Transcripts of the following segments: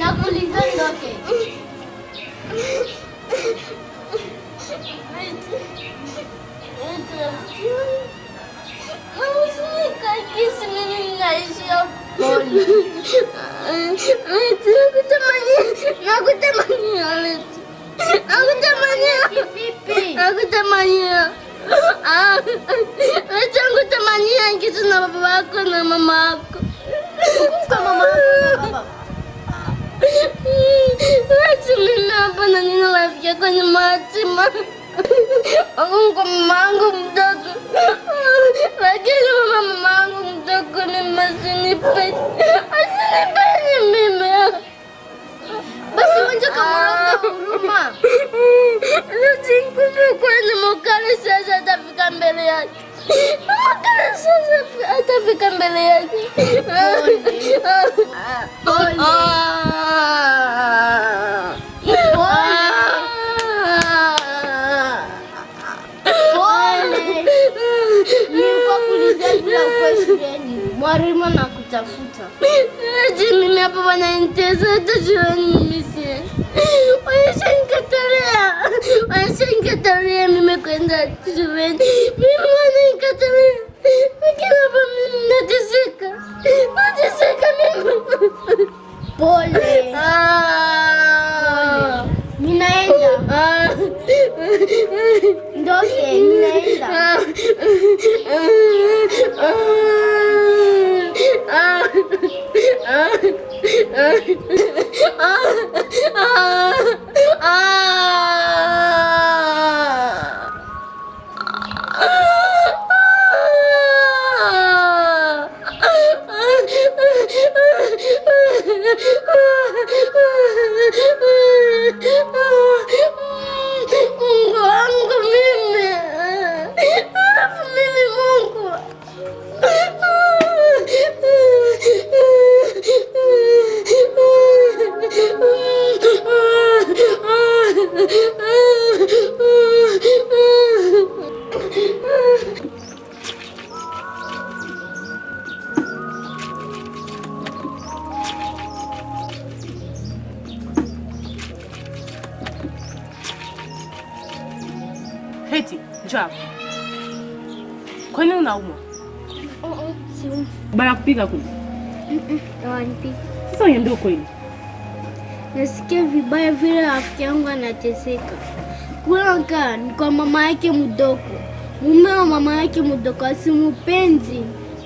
నాకు నిజం ఓకే నాకు తమని నాకు తమని న ా Ah, m a a m a u t a mani yang i t a n a bawa aku n a mama aku. Bukan mama. Macam Lina apa nanti nak live ya kan macam macam. Aku nggak manggung jago. Lagi sama mama manggung jago ni masih ni pet. Asal ni pet ni mama. Basi macam kamu orang rumah. Lu cincu tu kau ni muka ni saya saya tapi kan beliak. Umefika mbele yake. Mwalimu anakutafuta. Je, mimi hapa hata shuleni mimi mimi kwenda shuleni. Mimi Aquela menina de seca. Não de seca nenhuma. Bolê. Ah. Mina ainda. Ah. Doce, mina ainda. Ah. Ah. Ah. Ah. Ah. ah. rafiki yangu anateseka. Kulanka ni kwa mama yake mdogo, mume wa mama yake mdogo asimupenzi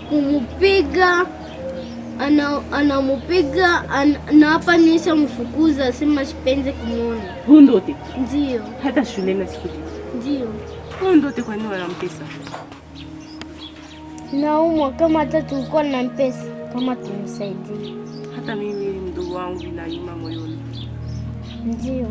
kumupiga anamupiga ana na hapa nisha mfukuza, asema shipenze kumwona. hundote. ndote ndio hata shule na siku ndio huu ndote. Kwa nini wanampesa? Naumwa kama hata tulikuwa na mpesa kama tumsaidie. Hata mimi mdogo wangu inauma moyoni Ne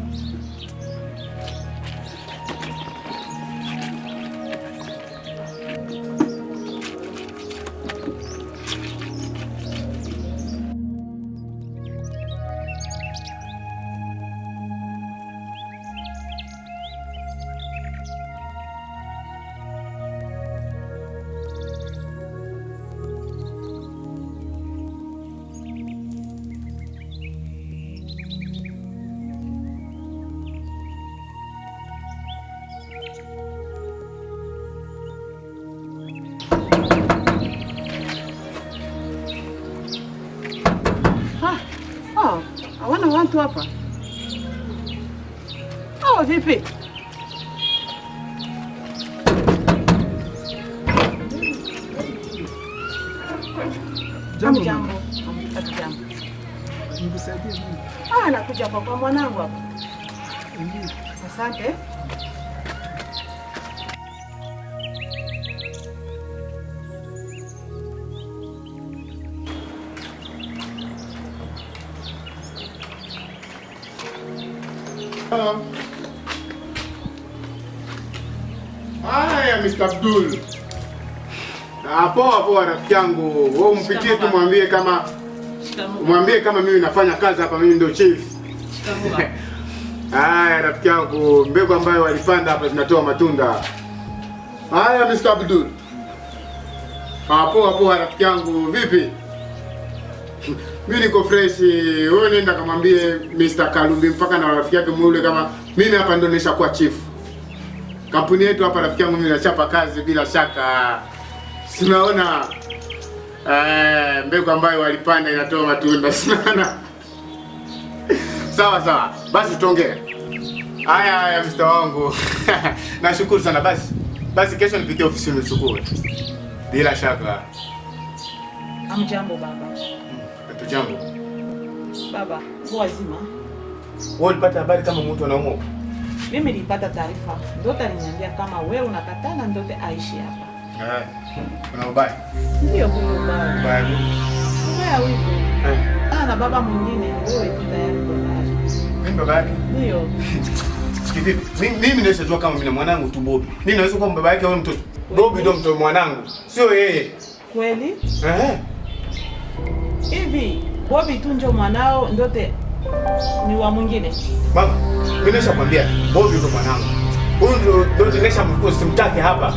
watu hapa au oh, vipi? Jambo, jambo. Nikusaidie nini? Ah, nakuja kwa mwanangu hapa. Asante. Hello. Haya, Mr. Abdul. poa poa rafiki yangu. Wewe umpitie tu mwambie kama mwambie kama mimi nafanya kazi hapa, mimi ndio chief. Haya rafiki yangu, mbegu ambayo walipanda hapa zinatoa matunda. Haya Mr. Abdul. poa poa rafiki yangu, vipi? mimi niko fresh. Wewe nenda kamwambie Mr. Kalumbi mpaka na rafiki yake mule, kama mimi hapa ndo nishakuwa chief kampuni yetu hapa. Rafiki yangu mimi nachapa kazi bila shaka, sinaona eh, mbegu ambayo walipanda inatoa matunda sana. Sawa sawa, basi tuongee haya haya, Mr. wangu nashukuru sana. Basi basi, kesho nipitie ofisini uchukue bila shaka. Amjambo baba changu baba, wazima. Wewe ulipata habari kama mtu anaumwa? Mimi nilipata taarifa, ndoto aliniambia kama wewe unakatana ndote aishi hapa. Eh, kuna ubaya? Ndio kuna ubaya. Ubaya gani? Ubaya wivu. Eh. Na baba mwingine wewe tayari mimi baba yake? Ndio. Mimi naweza jua kama vile mwanangu tu Bobi. Mimi naweza kuwa baba yake au mtoto. Bobi ndio mtoto mwanangu, sio yeye. Kweli? Eh hivi Bobi tu njo mwanao ndote ni wa mwingine? Mama, mimi nimeshakwambia Bobi ndo mwanangu. Huyu ndio tunesha nimeshamkuta simtaki hapa.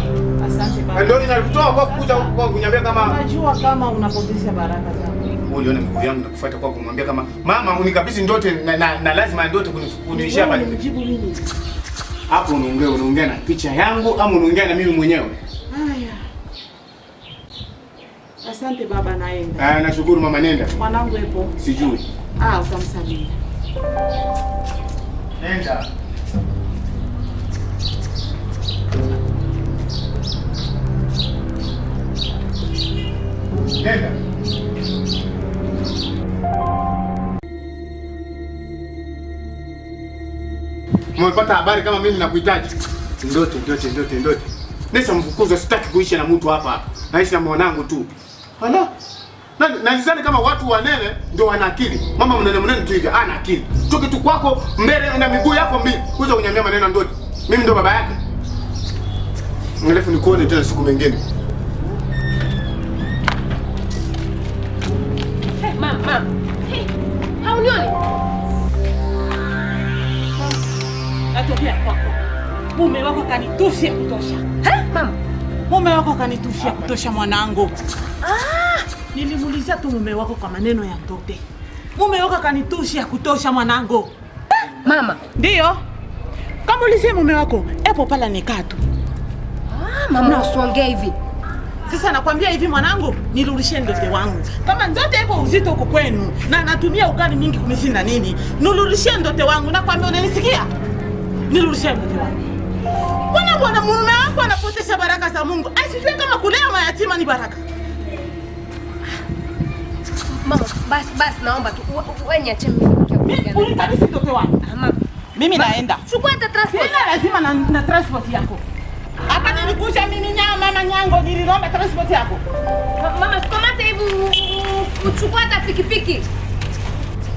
Asante baba. Ndio ninakutoa kwa kuja kwa kunyambia kama Unajua kama unapoteza baraka zako. Wewe uliona mkuu yangu nakufuata kwa kumwambia kama mama unikabidhi ndote na, na, na lazima ndote kunishia pale. Hapo unaongea unaongea na picha yangu ama unaongea na mimi mwenyewe? Asante baba, naenda. Ah, nashukuru mama, nenda. Mwanangu yupo? Sijui. Ah, utamsalimia. Nenda. Nenda. Mwepata habari kama mimi nakuhitaji? Ndote, ndote, ndote, ndote. Nesha mfukuzo, sitaki kuisha na mtu hapa. Naishi na mwanangu tu. Hala. Na nadhani kama watu wanene ndio wana akili. Mama mnene mnene tu hivi ana akili. Tu kitu kwako mbele na miguu yako mbili. Kuja kunyamia maneno ya ndodi. Mimi ndo baba yake. Ngelefu nikuone tena siku nyingine. Hey, mama. mama. Hey. Haunioni? Natokea kwako. Mume wako kanitushe kutosha. Eh, mama. Mume wako kanitushia kutosha mwanangu. Ah, nilimulizia tu mume wako kwa maneno ya ndope. Mume wako kanitushia kutosha mwanangu. Mama, ndio kama ulizie mume wako epo pala nikaa tu. Ah, mama usiongee hivi. Sasa nakwambia hivi mwanangu, nilulishe ndote wangu. Kama ndote ipo uzito huko kwenu na natumia ugali mingi kunishinda nini, nilurishie ndote wangu. Nakwambia unanisikia? Nilulishe ndote wangu yako na mume wako anapotesha baraka za Mungu. Asijue kama kulea mayatima ni baraka. Mama, basi basi naomba tu wewe niache mimi. Unikabisi mtoto wangu. Mimi ah, naenda. Chukua hata transport. Sina lazima na, na transport yako. Hapa nilikuja mimi nyama mama nyango niliromba transport yako. Mama, sikomate hivi uchukua hata pikipiki.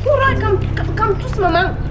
Kura kam kam tusi mamangu.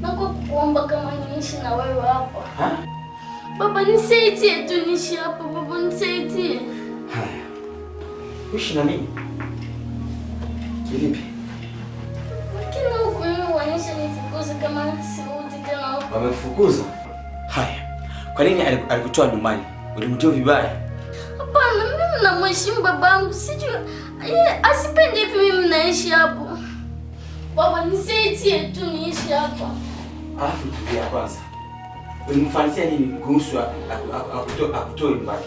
na kwa kuomba kama niishi na wewe hapa. Ha? Baba nisaidie tu niishi hapa, baba nisaidie. Haya. Uishi na mimi? Kivipi? Lakini huko mimi wanisha nifukuze kama sirudi tena huko. Wamekufukuza? Haya. Kwa nini alikutoa nyumbani? Ulimtia vibaya? Hapana, mimi namheshimu babangu. Sijui yeye asipende hivi mimi naishi hapo. Baba nisaidie tu niishi hapa. Alafu tulia kwanza. Unimfanyia nini kuhusu akutoe mbali?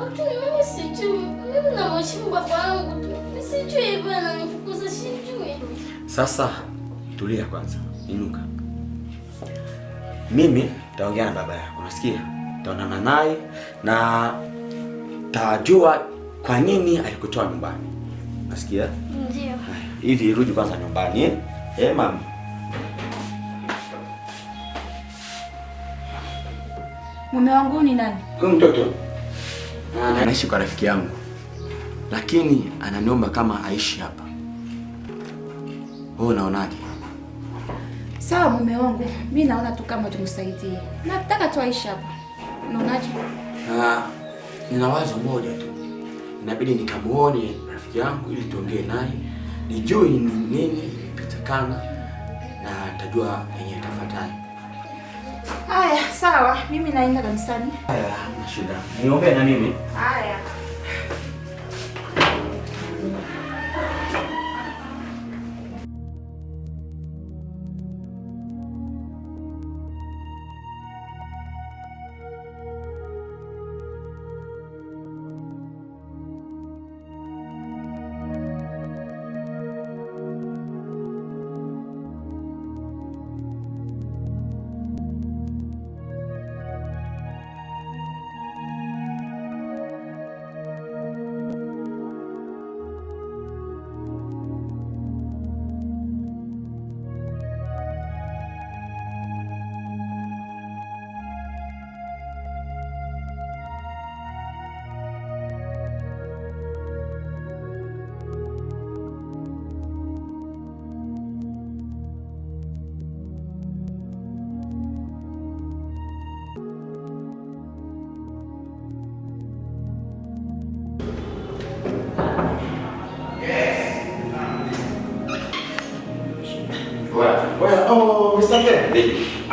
Lakini mimi sijui. Mimi na mheshimu baba yangu tu. Sijui hivyo ananifukuza sijui. Sasa tulia kwanza. Inuka. Mimi taongea na baba yako. Unasikia? Taonana naye na tajua kwa nini alikutoa nyumbani. Unasikia? Ndiyo hivi, irudi kwanza nyumbani eh, eh mama. Mume wangu ni nani? Huyu mtoto anaishi kwa rafiki yangu, lakini ananiomba kama aishi hapa. Wewe unaonaje? Sawa mume wangu, mi naona tu kama tumsaidie, nataka tu aishi hapa. Unaonaje? Ah, nina wazo moja tu, inabidi nikamuone rafiki yangu ili tuongee naye nijui ni nini ilipitikana na tajua yenye tafuatayo. Haya, sawa, mimi naenda kanisani. Haya, hamna shida, na mimi. Haya.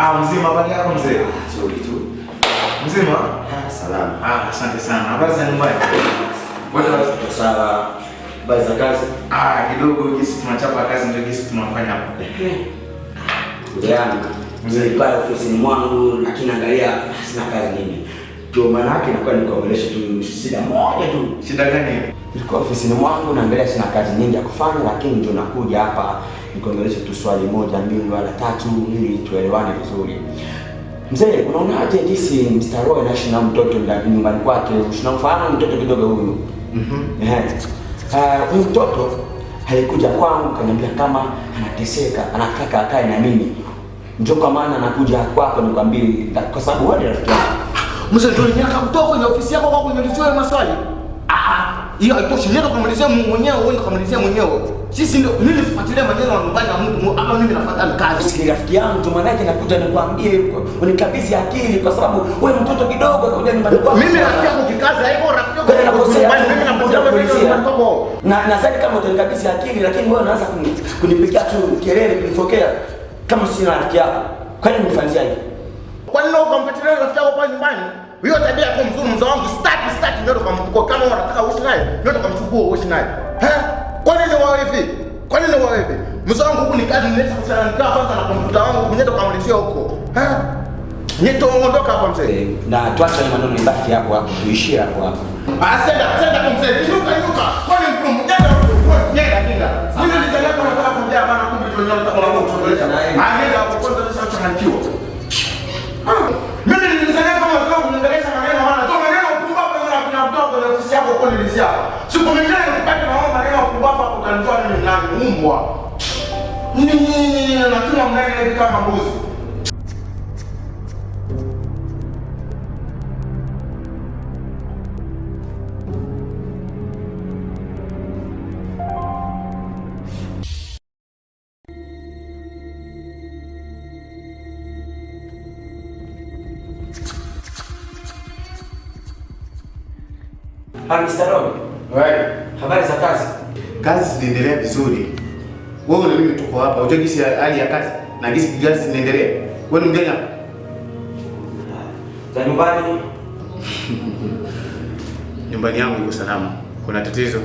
Ah, mzima habari yako mzee? Nzuri tu. Mzima? Ah, salama. Ah, asante sana. Habari za nyumbani? Bwana tuko sawa. Habari za kazi? Ah, kidogo jinsi tunachapa kazi ndio jinsi tunafanya hapa. Yaani, mzee pale ofisini mwangu lakini angalia sina kazi nini. Ndio maana yake nilikuwa nikuongelesha tu shida moja tu. Shida gani? Nilikuwa ofisini mwangu naangalia sina kazi nyingi ya kufanya lakini ndio nakuja hapa nikuongeleshe tu swali moja mbili wala tatu ili tuelewane vizuri. Mzee, unaonaje jinsi Mr. Roy anaishi na mtoto ndani nyumbani kwake? Unamfahamu mtoto kidogo huyu? Mhm. Mm eh. Uh, mtoto alikuja kwangu kaniambia kama anateseka, anataka akae na mimi. Njoo kwa maana anakuja kwako nikwambie kwa sababu wewe ni rafiki yangu. Mzee, ndio nyaka mtoko kwenye ofisi yako kwa kunyulizia maswali. Ah, hiyo haitoshi. Leo kumalizia mwenyewe, wewe kumalizia mwenyewe. Sisi ndio mimi nifuatilia maneno ya nyumbani ya Mungu ama mimi nafuata mkazi. Sikia rafiki yangu, ndio maana yake nakuja nikwambie unikabidhi akili kwa sababu wewe mtoto kidogo kuja nyumbani kwako. Mimi rafiki yangu kikaza hivyo rafiki yangu. Kana nakosea. Mimi nakuja kuulizia. Na na sasa kama utanikabidhi akili lakini wewe unaanza kunipigia tu kelele kunifokea kama si rafiki yako. Kwa nini unifanyia hivi? Kwa nini ukamfuatilia rafiki yako pale nyumbani? Hiyo tabia yako mzuri mzao wangu, Start start ndio kwa kama unataka uishi naye, ndio kwa mchukua uishi naye. Eh? Kwa nini warithi? Kwa nini warithi? Mzee wangu huku ni kazi nimeacha kwa nikaa kwanza na kompyuta wangu mwenyewe tukamlishia huko. Eh? Nito ondoka hapa mzee. Eh, na tuacha ni maneno ibaki hapo hapo tuishie hapo hapo. Ah, senda senda kwa mzee. Inuka inuka. Kwa nini mtu Nyeta huko? Nyeta nenda. Mimi nilizalaka nataka kujaa bana kumbe tunyoka kwa mtu. Ah, nenda kwa kwanza sasa tunachangiwa. mnene kama mbuzi. Habari za kazi? Kazi zinaendelea vizuri. Wewe na mimi tuko hapa. Unajua jinsi hali ya kazi na hizi kijana zinaendelea. Wewe ni mgani hapa? Za nyumbani. Nyumbani yangu iko salama. Kuna tatizo?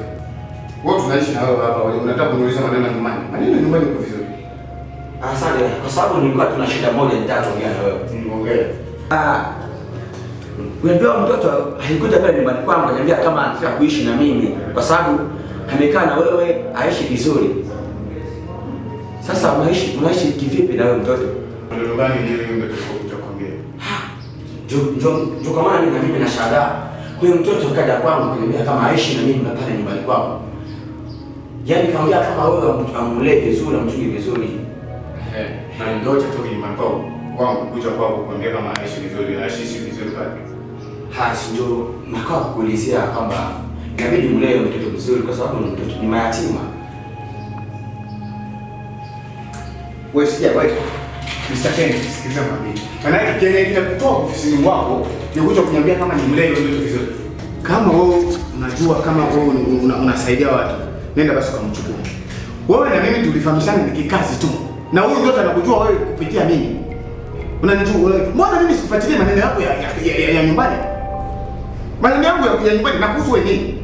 Wewe tunaishi na wewe hapa, wewe unataka kuniuliza maneno ya nyumbani. Maneno nyumbani kwa vizuri. Asante. Kwa sababu nilikuwa tuna shida moja nitaongea na wewe. Niongee. Ah. Unajua mtoto alikuja pale nyumbani kwangu, ananiambia kama anataka kuishi na mimi kwa sababu amekaa na wewe aishi vizuri. Sasa unaishi unaishi kivipi na wewe mtoto? Ndio gani ndio yeye tofauti akwambia. Jo jo jo kama ni na mimi na shada. Kwa hiyo mtoto kaja kwangu kuniambia kama aishi na mimi na pale nyumbani kwangu. Yaani kaongea kama wewe amulee vizuri na mchungi vizuri. Eh, na ndio cha toki ni mambo kwangu kuja kwangu kuniambia kama aishi vizuri, aishi vizuri pale. Ha, si ndio nakao kuulizia kwamba inabidi mlee mtoto vizuri kwa sababu mtoto ni mayatima. Wesija wewe Mr. Kennedy, sikiliza mwambie. Maana yake Kennedy kila kutoka ofisini mwako ni kuja kuniambia kama ni mlevi ndio vitu vizuri. Kama wewe unajua kama wewe unasaidia watu, nenda basi ukamchukua. Wewe na mimi tulifahamishana ni kikazi tu. Na huyu ndio anakujua wewe kupitia mimi. Unanijua wewe. Mbona mimi sifuatilie maneno yako ya ya, ya, ya nyumbani? Maneno yangu ya, ya nyumbani nakuhusu wewe nini?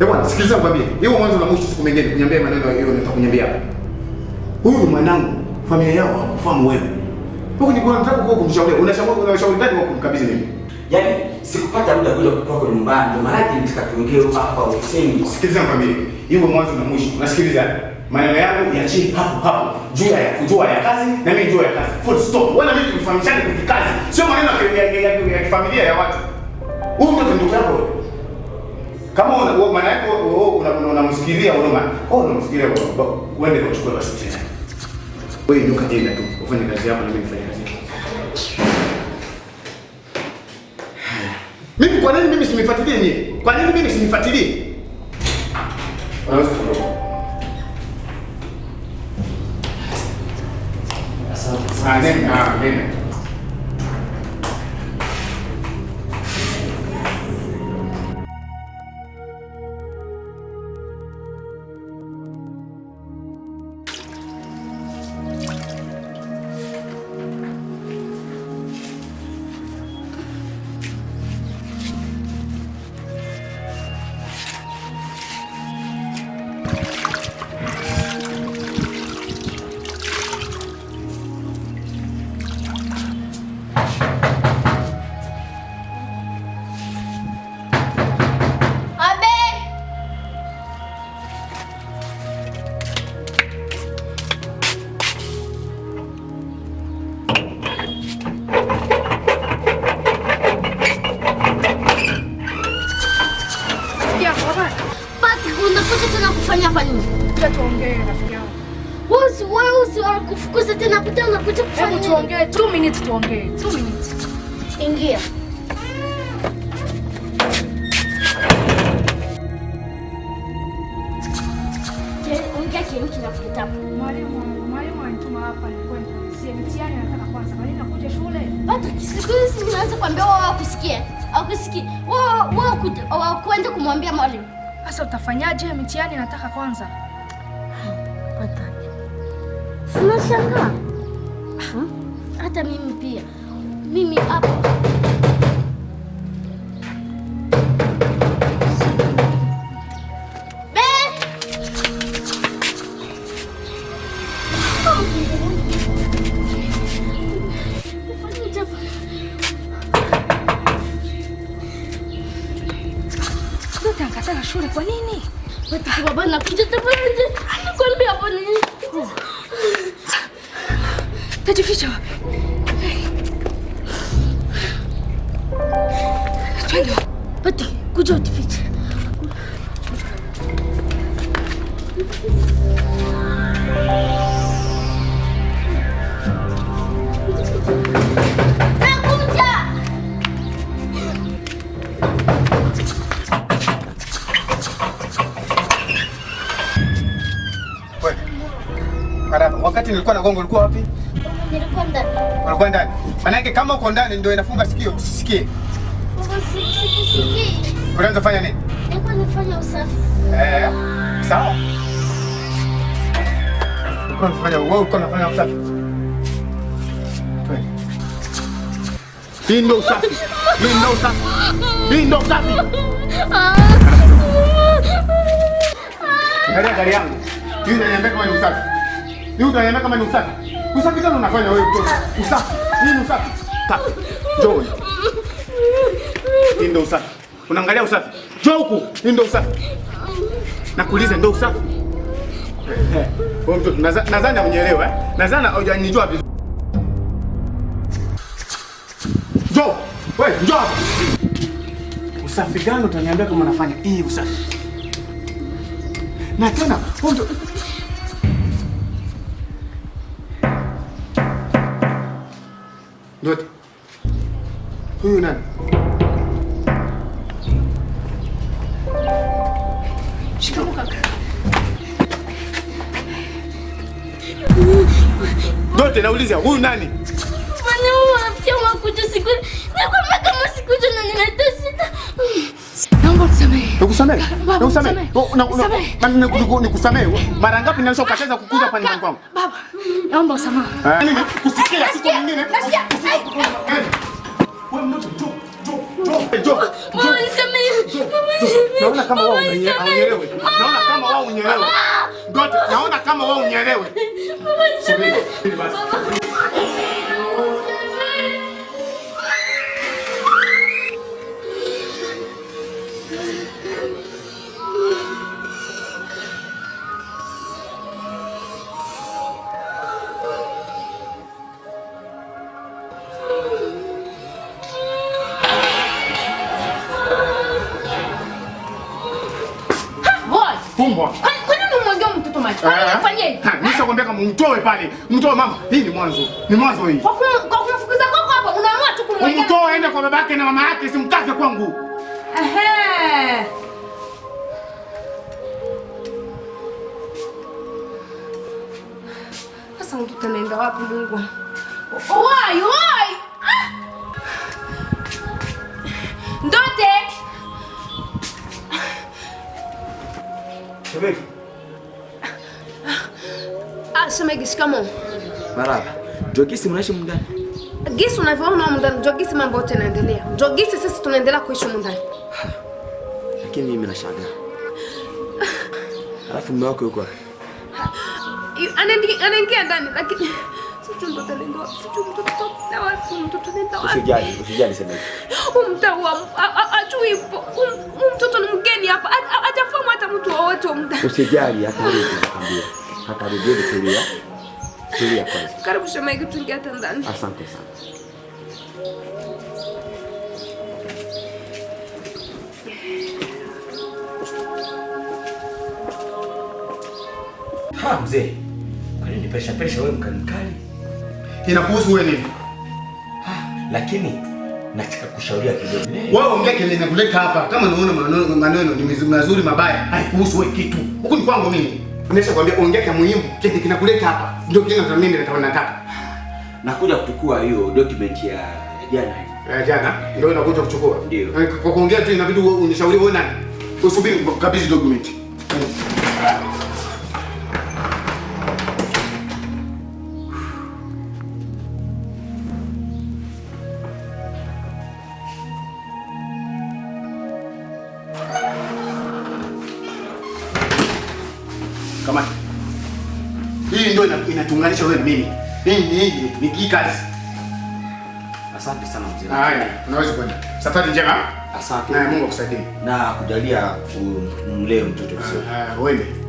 Ewa, sikiliza mwambie. Iwa mwanzo na mwisho siku mengine kunyambia maneno hiyo nitakunyambia hapo huyu mwanangu, familia yao hawakufahamu wewe. Huko ni kwa nataka kwa kumshauri. Unashauri unashauri gani kwa kumkabidhi mimi? Yaani sikupata muda kuja kwako nyumbani. Ndio maana nitaka tuongee hapa ofisini. Sikiliza familia. Hiyo mwanzo na mwisho. Unasikiliza? Maneno yangu ya chini hapo hapo. Jua ya kujua ya kazi na mimi jua ya kazi. Full stop. Wala mimi tumefahamishana kwa kazi. Sio maneno ya ya ya ya familia watu. Huyu ndio ndugu yako. Kama maana yako unamsikilia huruma, oh, unamsikilia uende kuchukua basi tena. Wewe inuka nenda tu ufanye kazi yako na mimi nifanye kazi yangu. Mimi kwa nini mimi simifuatilie nyie? Kwa nini mimi sinifuatilie? Asante. Asante. Amen. Ngoja tuongee rafiki yangu. Wewe usiwakufukuza tena pita unakuja kufanya Hebu tuongee, 2 minutes tuongee, 2 minutes. Ingia. Ongea kile Mwalimu, mwalimu hapa ni kwenda. Si mtihani kwanza, nakuja shule. kuambia wao wakusikie. Wao wao kwenda kumwambia mwalimu. Sasa utafanyaje? Mtihani nataka kwanza kataki. Sinashangaa hata mimi pia, mimi hapa wakati nilikuwa na gongo ulikuwa wapi? Nilikuwa ndani. Ulikuwa ndani. Maana yake kama uko ndani ndio inafunga sikio usisikie. Usisikie. Unaanza fanya nini? Nilikuwa nafanya usafi. Eh. Sawa. Ulikuwa nafanya wewe uko nafanya usafi. Hii ndio usafi. Hii ndio usafi. Hii ndio usafi. Ah. Gari yangu. Yule ananiambia kama ni usafi. Leo utaniambia kama ni usafi. Usafi tena unafanya wewe mtoto. Usafi. Hii ni usafi. Taka. Njoo. Hii ndio usafi. Unaangalia usafi. Njoo huku. Hii ndio usafi. Nakuuliza ndio usafi. Wewe mtoto, nadhani hunielewa eh? Nadhani hujanijua vizuri. Njoo. Wewe njoo. Usafi gani utaniambia kama unafanya? Hii usafi. Na tena, wewe Duet. Huyu nani? Shikamoo kaka. huyu nani? Mwanaume anafikia makucha siku. Nakwambia kama siku hizo ninateseka. Nikusamehe. Nikusamehe. Oh, nikusamehe. Mara ngapi ninaanza kukataza kukuja pale ndani kwangu? Baba, naomba usamaha. Eh? Nimekusikia yaani siku nyingine. Eh. Wewe mtoto jo jo jo. Eh, naona kama wao unielewe. Naona kama wao unielewe. Naona kama wao unielewe. Fumbwa. Kwani unamwangia mtoto maji? Kwani eh? unafanyaje? Nishakwambia kama pale. mama. Hii ni mwanzo. Ni mwanzo hii. Kwa kwa kumfukuza kwako hapo unaamua tu aende kwa babake na mama yake kwangu. Ehe. Sasa wapi Mungu? Ah! Ndote. Shemeji. Ah, shemeji, shikamoo. Marhaba. Jogisi mnaishi mundani? Gisi unavyoona mundani, Jogisi mambo yote yanaendelea. Jogisi sisi tunaendelea kuishi mundani. Lakini mimi nashangaa. Alafu mume wako yuko Anaingia ndani lakini Usijali, usijali shemeji. Umtaua tu yupo mtoto ni mgeni hapa, hajafahamu hata mtu wowote. Usijali, nakwambia, Tulia, tulia kwanza. Karibu shemeji, tuingie hata ndani. Asante sana. Ha, mzee, kwa nini pesha pesha wewe Inakuhusu wewe nini? Lakini nataka kushauria kidogo. Wewe ongea kile nakuleta hapa, kama unaona maneno maneno ni mazuri mabaya, haikuhusu wewe kitu. Huku ni kwangu mimi. Nimesha kwambia ongea kama muhimu, kile kinakuleta hapa ndio kile ndio mimi nataka. Nakuja kuchukua hiyo document ya jana. Ya jana ndio nakuja kuchukua. Ndio. Eh, kwa kuongea tu inabidi unishauri wewe nani? Usubiri kabisa document. Ah. unanilinganisha wewe mimi? Mimi ni kikazi. Asante sana mzee. Haya, unaweza kwenda. Safari njema. Asante. Na Mungu akusaidie. Na kujalia umlee mtoto vizuri. Ah, wewe.